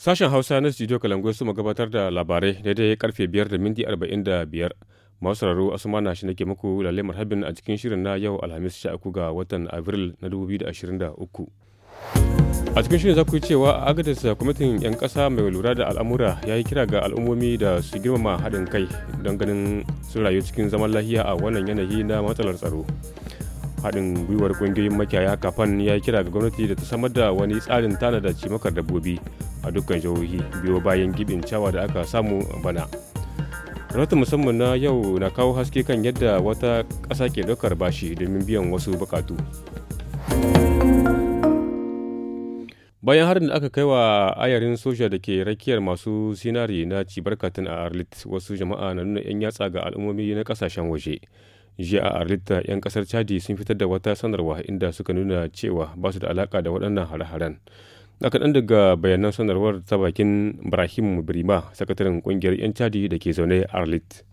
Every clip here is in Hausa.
Sashen Hausa na Studio Kalangoi su gabatar da labarai daidai karfe 5 da minti 45. Masu sauraro na shi nake muku lalle marhabin a cikin shirin na yau Alhamis 13 ga watan Abril na 2023. A cikin shirin za ku yi cewa agadis kwamitin 'yan ƙasa mai lura da al'amura ya yi kira ga al'ummomi da su girmama haɗin kai don ganin sun rayu cikin zaman lahiya a wannan yanayi na matsalar tsaro. haɗin gwiwar ƙungiyoyin makiyaya kafan ya yi kira ga gwamnati da ta samar da wani tsarin tanada cimakar dabbobi a dukkan jihohi biyo bayan gibin cawa da aka samu bana rahoton musamman na yau na kawo haske kan yadda wata kasa ke ɗaukar bashi domin biyan wasu bukatu bayan harin da aka kai wa ayarin soja da ke rakiyar masu sinari na cibarkatin a arlit wasu jama'a na nuna 'yan yatsa ga al'ummomi na kasashen waje jiya a arlita 'yan kasar chadi sun fitar da wata sanarwa inda suka nuna cewa ba su da alaka da waɗannan hare-haren Na kaɗan daga bayanan sanarwar ta bakin Ibrahim Birima, sakataren ƙungiyar 'yan Cadi da ke zaune a Arlit.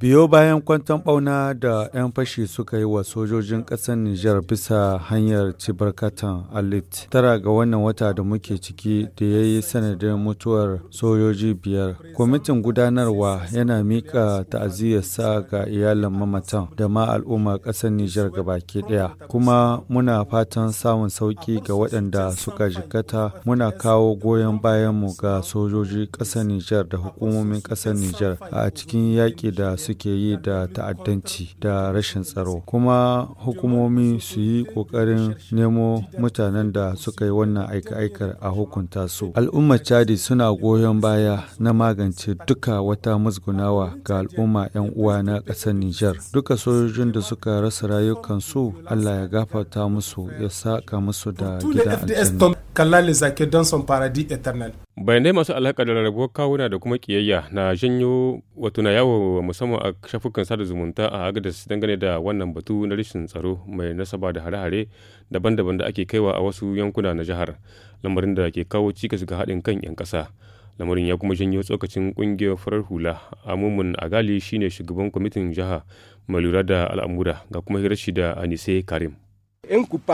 Biyo bayan kwanton bauna da 'yan fashi suka yi wa sojojin ƙasar Nijar bisa hanyar Cibarkatan Alit. Tara ga wannan wata da muke ciki da ya yi sanadin mutuwar sojoji biyar. Kwamitin gudanarwa yana miƙa ta'aziyarsa ga iyalan mamatan da ma al'ummar ƙasar Nijar baki ɗaya. Kuma muna fatan samun sauƙi ga waɗanda suka jikata muna kawo goyon bayan mu ga sojoji ƙasar Nijar da hukumomin ƙasar Nijar a cikin yaƙi da suke yi da ta'addanci da rashin tsaro kuma hukumomi su yi ƙoƙarin nemo mutanen da suka yi wannan aika-aikar a hukunta su al'ummar chadi suna goyon baya na magance duka wata musgunawa ga al'umma 'yan uwa na ƙasar nijar duka sojojin da suka rasa rayukansu allah ya gafarta musu ya saka musu da gidan aljanna bayanai masu alaƙa da rarrabuwar kawuna da kuma ƙiyayya na janyo wato na yawo musamman a shafukan sada zumunta a agadas dangane da wannan batu na rashin tsaro mai nasaba da hare-hare daban-daban da ake kaiwa a wasu yankuna na jihar lamarin da ke kawo cikas ga haɗin kan 'yan ƙasa lamarin ya kuma janyo tsokacin ƙungiyar farar hula amumun agali shine shugaban kwamitin jiha mai lura da al'amura ga kuma hirashi da anise karim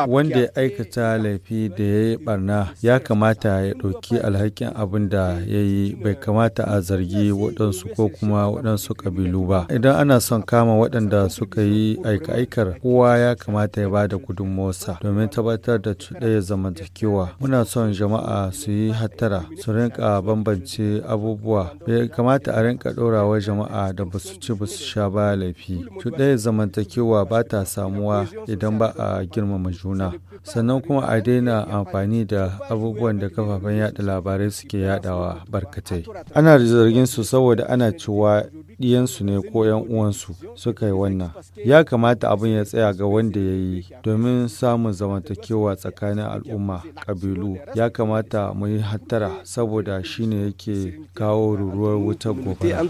Wanda ya aikata laifi da ya yi barna ya kamata ya ɗauki alhakin abin da ya yi bai kamata a zargi waɗansu ko kuma waɗansu ƙabilu ba. Idan ana son kama waɗanda suka yi aika-aikar kowa ya kamata ya ba da gudunmosa domin tabbatar da tuɗaya zamantakewa. Muna son jama'a su yi hattara su rinka bambance abubuwa. Bai kamata a rinka ɗorawa jama'a da ba su ci ba su sha ba laifi. Tuɗaya zamantakewa ba ta samuwa idan ba a gina girmama juna sannan kuma a daina amfani da abubuwan da kafafen yada labarai suke yadawa barkatai ana zargin su saboda ana cewa diyansu ne ko yan uwansu suka yi wannan ya kamata abin ya tsaya ga wanda ya yi domin samun zamantakewa tsakanin al'umma kabilu ya kamata mu yi hattara saboda shine yake kawo ruruwar wutar gobara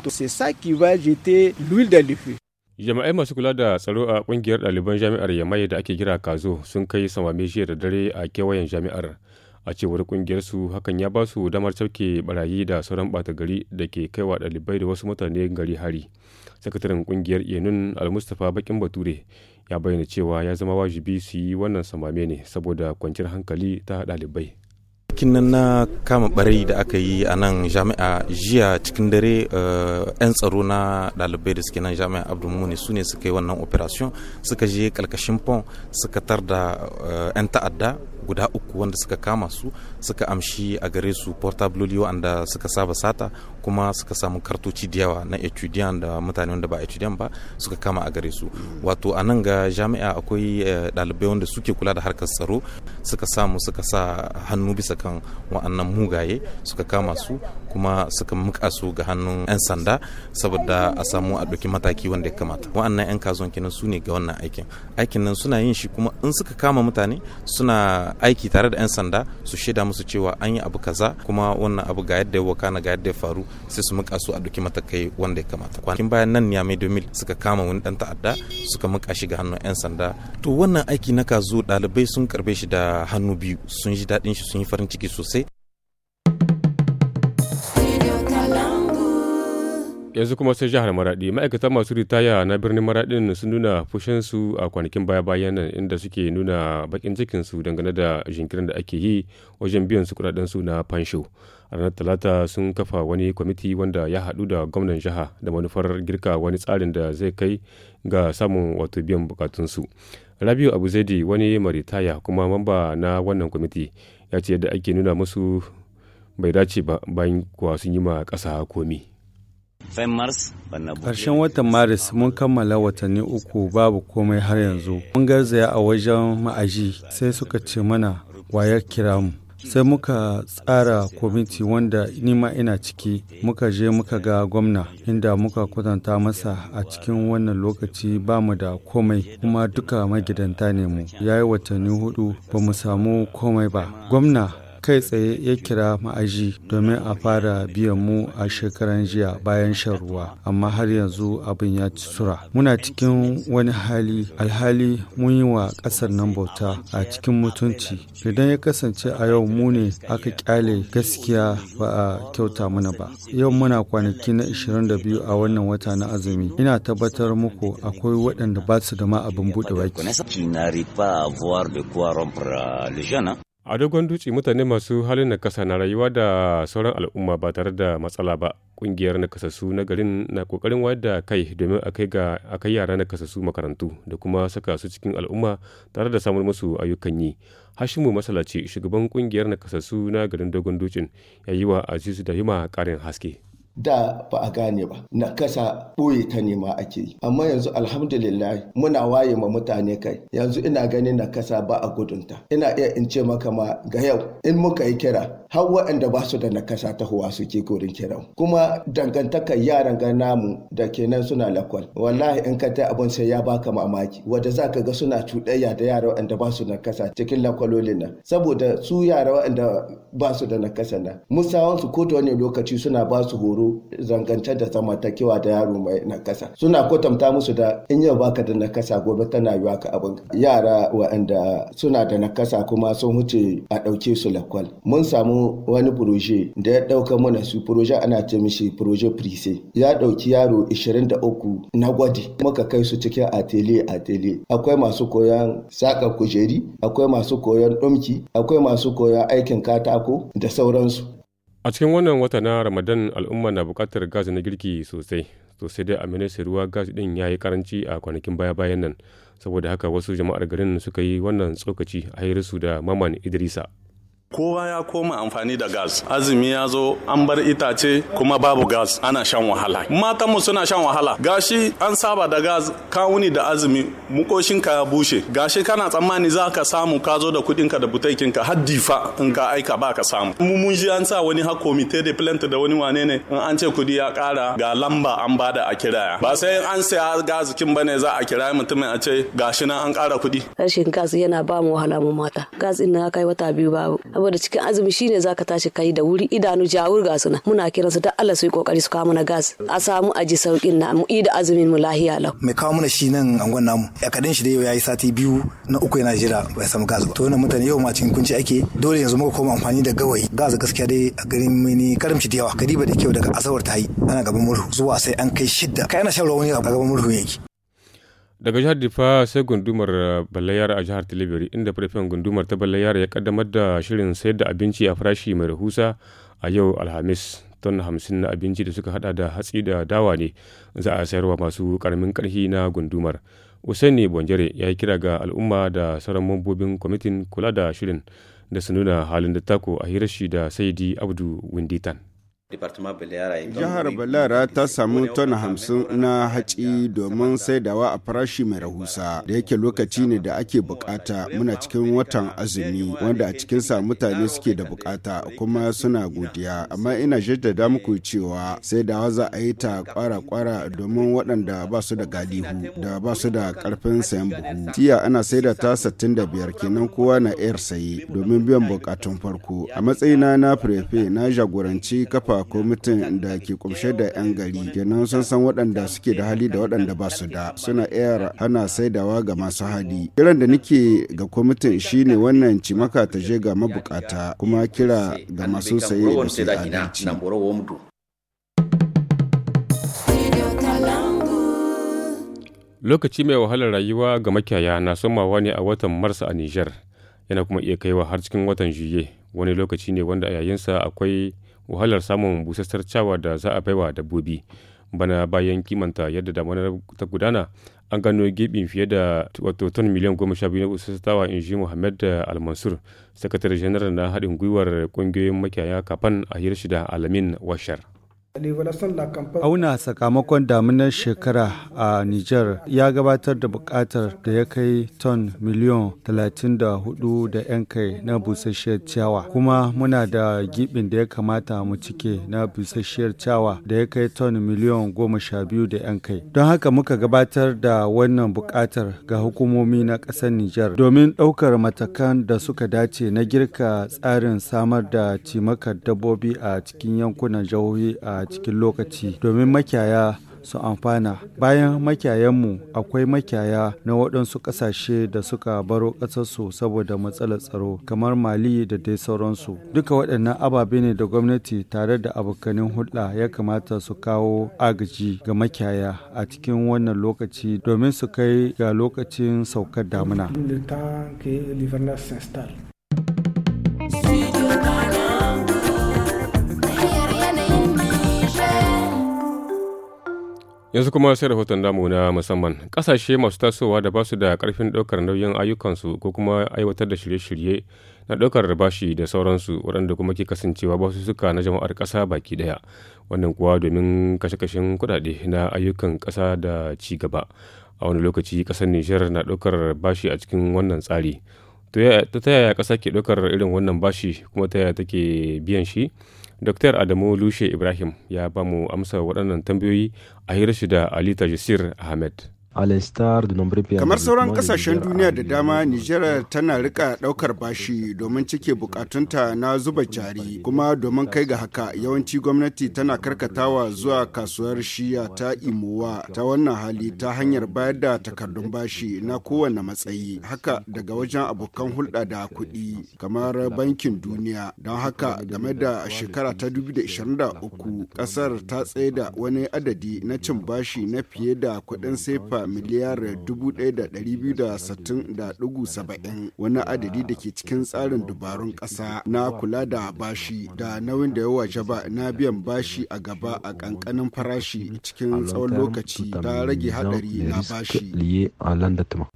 jama'ai masu kula da tsaro a kungiyar ɗaliban jami'ar yamai da ake kira kazo sun kai samame jiya da dare a kewayen jami'ar a cewar kungiyar su hakan ya ba su damar sauke barayi da sauran bata gari da ke kaiwa ɗalibai da wasu mutane gari hari sakataren kungiyar yenun almustapha bakin bature ya bayyana cewa ya zama wajibi su yi wannan samame ne saboda kwanciyar hankali ta ɗalibai aikin nan na kama barai da aka yi a nan jami'a jiya cikin dare 'yan eh, tsaro na ɗalibai da suke nan jami'a muni su ne suka yi wannan operation suka je kalkashin pon suka tar da 'yan eh, ta'adda guda uku wanda suka kama su suka amshi a gare su portabloli wanda suka saba sata kuma suka samu kartoci da yawa na etudiant da mutane wanda ba etudiant ba suka kama a gare su wato a nan ga jami'a akwai eh, ɗalibai wanda suke kula da harkar tsaro suka samu suka sa hannu bisa kan wa'annan mugaye suka kama su kuma suka muka su ga hannun 'yan sanda saboda a samu a ɗauki mataki wanda ya kamata wa'annan 'yan kasuwan kenan su ne ga wannan aikin aikin nan suna yin shi kuma in suka kama mutane suna aiki tare da 'yan sanda su shaida musu cewa an yi abu kaza kuma wannan abu ga yadda ya wakana ga yadda ya faru sai su muka su a duki matakai wanda ya kamata kwanakin bayan nan ne mai domil suka kama wani dan ta'adda suka muka shi ga hannun 'yan sanda to wannan aiki na kazu ɗalibai sun karbe shi da hannu biyu sun ji daɗin shi sun yi farin ciki sosai yanzu kuma sai jihar maradi ma'aikatan masu ritaya na birnin maraɗin sun nuna fushinsu a kwanakin baya bayan nan inda suke nuna bakin cikinsu dangane da jinkirin da ake yi wajen biyan su kudaden su na fansho a ranar talata sun kafa wani kwamiti wanda ya haɗu da gwamnan jiha da manufar girka wani tsarin da zai kai ga samun wato biyan bukatunsu rabiu abu zaidi wani maritaya kuma mamba na wannan kwamiti ya ce yadda ake nuna musu bai dace ba bayan kuwa sun yi ma ƙasa komi. Karshen watan Maris mun kammala watanni uku babu komai har yanzu. Mun garzaya a wajen ma'aji sai suka ce mana wayar kira mu. Sai muka tsara kwamiti wanda nima ina ciki muka je muka ga gwamna inda muka kwatanta masa a cikin wannan lokaci ba mu da komai kuma duka magidanta ne mu. Ya yi watanni hudu ba mu samu komai ba. Gwamna kai tsaye ya kira ma'aji domin a fara biyan mu a shekaran jiya bayan shan ruwa amma har yanzu abin ya ci sura muna cikin wani hali alhali mun yi wa ƙasar nan bauta a cikin mutunci idan ya kasance a yau mu ne aka ƙyale gaskiya ba a kyauta mana ba yau muna kwanaki na 22 a wannan wata na azumi ina tabbatar muku akwai waɗanda ba su da ma abin buɗe baki a dogon dutse mutane masu halin na kasa na rayuwa da sauran al'umma ba tare da matsala ba kungiyar na kasassu na garin na kokarin wayar da kai domin a kai yara na kasassu makarantu da kuma saka su cikin al'umma tare da samun musu ayyukan yi hashimu masalaci shugaban kungiyar na kasassu na garin dogon ducin ya yi wa azizu da yuma karin haske da ba a gane ba na kasa ɓoye ta nema ake yi amma yanzu alhamdulillah muna waye ma mutane kai yanzu ina ganin na kasa ba a gudunta ina iya in ce maka ma ga yau in muka yi kira har waɗanda ba su da nakasa ta huwa suke gurin kiran kuma dangantakar yaran ga namu da kenan suna lakwal wallahi in ka ta abin sai ya baka mamaki wanda za ka ga suna cuɗayya da yara waɗanda ba su da nakasa cikin lakwalolin nan saboda su yara waɗanda ba su da nakasa nan musawansu ko da wani lokaci suna ba su horo kwararru zangance da zamantakewa da yaro mai nakasa suna kwatanta musu da in yau baka da nakasa gobe tana yiwa ka abin yara waɗanda suna da nakasa kuma sun wuce a ɗauke su lakwal mun samu wani proje da ya ɗauka mana su proje ana ce mishi proje prise ya ɗauki yaro 23 na gwadi muka kai su cikin atelier atelier akwai masu koyon saka kujeri akwai masu koyon ɗumki akwai masu koyon aikin katako da sauransu A cikin wannan wata na Ramadan al'umma na buƙatar gas na girki sosai, to sai dai a ministan ruwa gas ɗin ya yi karanci a kwanakin baya-bayan nan, saboda haka wasu jama'ar garin suka yi wannan tsokaci a hirarsu da Maman Idrisa. kowa ya koma amfani da gas azumi ya zo an bar itace kuma babu gas ana shan wahala mata matanmu suna shan wahala gashi an saba da gas ka da azumi mukoshin ka ya bushe gashi kana tsammani za ka samu ka zo da ka da butaikin ka har difa in ka aika ba ka samu mu mun ji an sa wani har komite de plant da wani wane ne in an ce kudi ya kara ga lamba an bada a kiraya ba sai an saya kin bane za a kira mutumin a ce gashi nan an kara kudi rashin gas yana ba mu wahala mu mata gas din na kai wata biyu babu saboda cikin azumi shine zaka tashi kai da wuri idanu jawur ga suna muna kiransu da Allah su yi kokari su kawo mana gas a samu aji saukin na mu ida azumin mu lahiya lau me kawo mana shi nan angon namu a kadin shi da yau yayi sati biyu na uku yana jira bai samu gas ba to wannan mutane yau ma cikin kunci ake dole yanzu muka koma amfani da gawayi gas gaskiya dai a garin mini karamci da yawa kadiba da kyau daga asawar ta yi ana gaban murhu zuwa sai an kai shidda kai ana shan ruwa wani a gaban murhu yake daga jihar difa sai gundumar eh, balayar a jihar tilibiri inda farfen gundumar ta balayar ya kaddamar da shirin sayar da abinci a farashi mai rahusa a yau alhamis ton hamsin na abinci da suka hada da hatsi da dawa ne za a sayarwa masu karamin karhi na gundumar usaini bonjere ya yi kira ga al'umma da sauran mambobin kwamitin kula da shirin da su nuna halin da tako a hirashi da saidi abdu winditan Jihar Balara ta samu tona hamsin na haci domin saidawa a farashi mai rahusa da yake lokaci ne da ake bukata muna cikin watan azumi wanda a cikin sa mutane suke da bukata kuma suna godiya amma ina jaddada muku cewa saidawa za a yi ta kwara-kwara domin waɗanda ba su da galihu da ba su da karfin sayan buhu. Tiya ana saida ta biyar kenan kowa na 'yar saye domin biyan bukatun farko. A matsayina na prefe na jagoranci kafa akwai mutum da ke kumshe da 'yan gari kenan sun san waɗanda suke da hali da waɗanda ba su da suna iya hana saidawa ga masu hali kiran da nake ga kwamitin shine wannan cimaka ta je ga mabukata kuma kira ga masu saye da su adalci lokaci mai wahalar rayuwa ga makiyaya na somawa ne a watan mars a niger yana kuma iya kaiwa har cikin watan juye wani lokaci ne wanda a yayinsa akwai wahalar samun busassar cawa da za a baiwa dabbobi bana bayan kimanta yadda damanar ta gudana an gano gibin fiye da wato miliyan goma sha biyu na busassawa in ji muhammad almansur sakatare janar na haɗin gwiwar ƙungiyoyin makiyaya kafan a hirshida alamin washar Auna sakamakon damunar shekara a Nijar ya gabatar da bukatar da ya kai ton miliyon 34 da 'yan kai na busasshiyar ciyawa, kuma muna da gibin da ya kamata mu cike na busasshiyar ciyawa da ya kai ton miliyon 12 da 'yan kai. Don haka muka gabatar da wannan bukatar ga hukumomi na ƙasar Nijar domin ɗaukar matakan da suka dace na girka tsarin samar da cimakar dabbobi a cikin yankunan jihohi a cikin lokaci domin makiyaya su amfana bayan makiyayanmu akwai makiyaya na waɗansu ƙasashe da suka baro ƙasarsu saboda matsalar tsaro kamar mali da dai sauransu duka waɗannan ababe ne da gwamnati tare da abokanin hulɗa ya kamata su kawo agaji ga makiyaya a cikin wannan lokaci domin su kai ga lokacin saukar damuna Yanzu kuma sai rahoton damu na musamman. Ƙasashe masu tasowa da ba su da ƙarfin ɗaukar nauyin ayyukansu ko kuma aiwatar da shirye-shirye na ɗaukar bashi da sauransu waɗanda kuma ke kasancewa ba su suka na jama'ar ƙasa baki ɗaya. Wannan kuwa domin kashe-kashen kuɗaɗe na ayyukan ƙasa da ci gaba. A wani lokaci ƙasar Nijar na ɗaukar bashi a cikin wannan tsari. ta yaya ƙasa ke ɗaukar irin wannan bashi kuma ta yaya take biyan shi? Dr. Adamu Lushe Ibrahim ya bamu amsa waɗannan tambayoyi a hirarshi da Alita Jasir Ahmed. kamar sauran kasashen duniya da dama nijar tana rika daukar bashi domin cike bukatunta na zuba jari kuma domin kai ga haka yawanci gwamnati tana karkatawa zuwa kasuwar shiya ta imowa ta wannan hali ta hanyar bayar da takardun bashi na kowane matsayi haka daga wajen abokan hulɗa da kuɗi kamar bankin duniya don haka game da shekara ta 2023 ƙasar ta tsaye da wani adadi na cin bashi na fiye da kuɗin sefa da miliyar 1,260.70 wani adadi da ke cikin tsarin dubarun ƙasa na kula da bashi da nauyin da ya waje ba na biyan bashi a gaba a ƙanƙanin farashi cikin tsawon lokaci ta rage haɗari na bashi.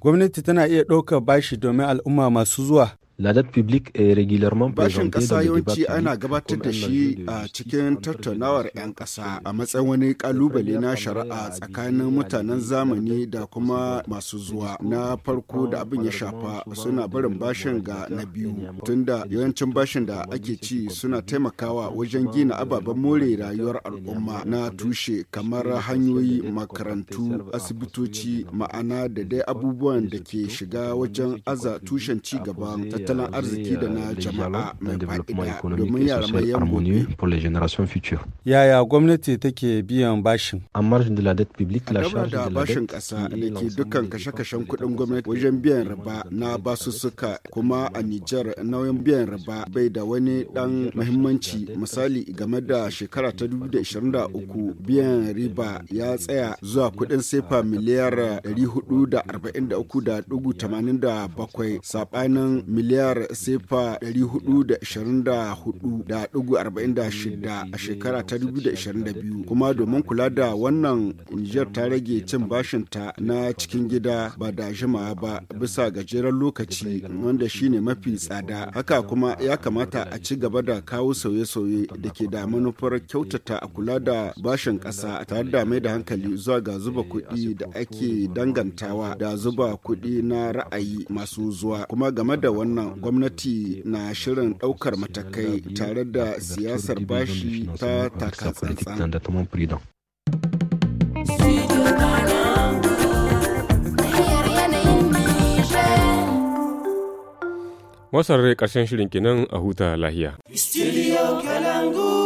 Gwamnati tana iya ɗaukar bashi domin al'umma masu zuwa La dette est eh, régulièrement Bashin ƙasa yawanci ana gabatar da shi a cikin tattaunawar 'yan ƙasa a matsayin wani ƙalubale na shari'a tsakanin mutanen zamani da kuma masu zuwa na farko da abin ya shafa suna barin bashin ga na biyu tunda yawancin bashin da ake ci suna taimakawa wajen gina ababen more rayuwar al'umma na tushe kamar hanyoyi makarantu asibitoci ma'ana da dai abubuwan da ke shiga wajen aza tushen ci gaba. tattalin arziki da na euh, jama'a mai fa'ida domin yara mai yan Yaya gwamnati take biyan bashin? A dabar da bashin kasa ne ke dukkan kashe-kashen kudin gwamnati wajen biyan raba na basussuka kuma a Nijar nauyin biyan raba bai da wani dan muhimmanci misali game da shekara ta 2023 biyan riba ya tsaya zuwa kudin sefa miliyar 443.87 saɓanin miliyar miliyar sefa 424.46 a shekara ta 2022 kuma domin kula da wannan Nijar ta rage cin bashinta na cikin gida ba da jimawa ba bisa gajeren lokaci wanda shine mafi tsada haka kuma ya kamata a ci gaba da kawo sauye-sauye da ke da manufar kyautata a kula da bashin ƙasa tare da mai da hankali zuwa ga zuba kuɗi da ake dangantawa da zuba kuɗi na ra'ayi masu zuwa kuma game da wannan gwamnati na shirin ɗaukar matakai tare da siyasar bashi ta taka tsantsan. rai ƙarshen shirin kinan a huta lahiya. Studio Kalangu.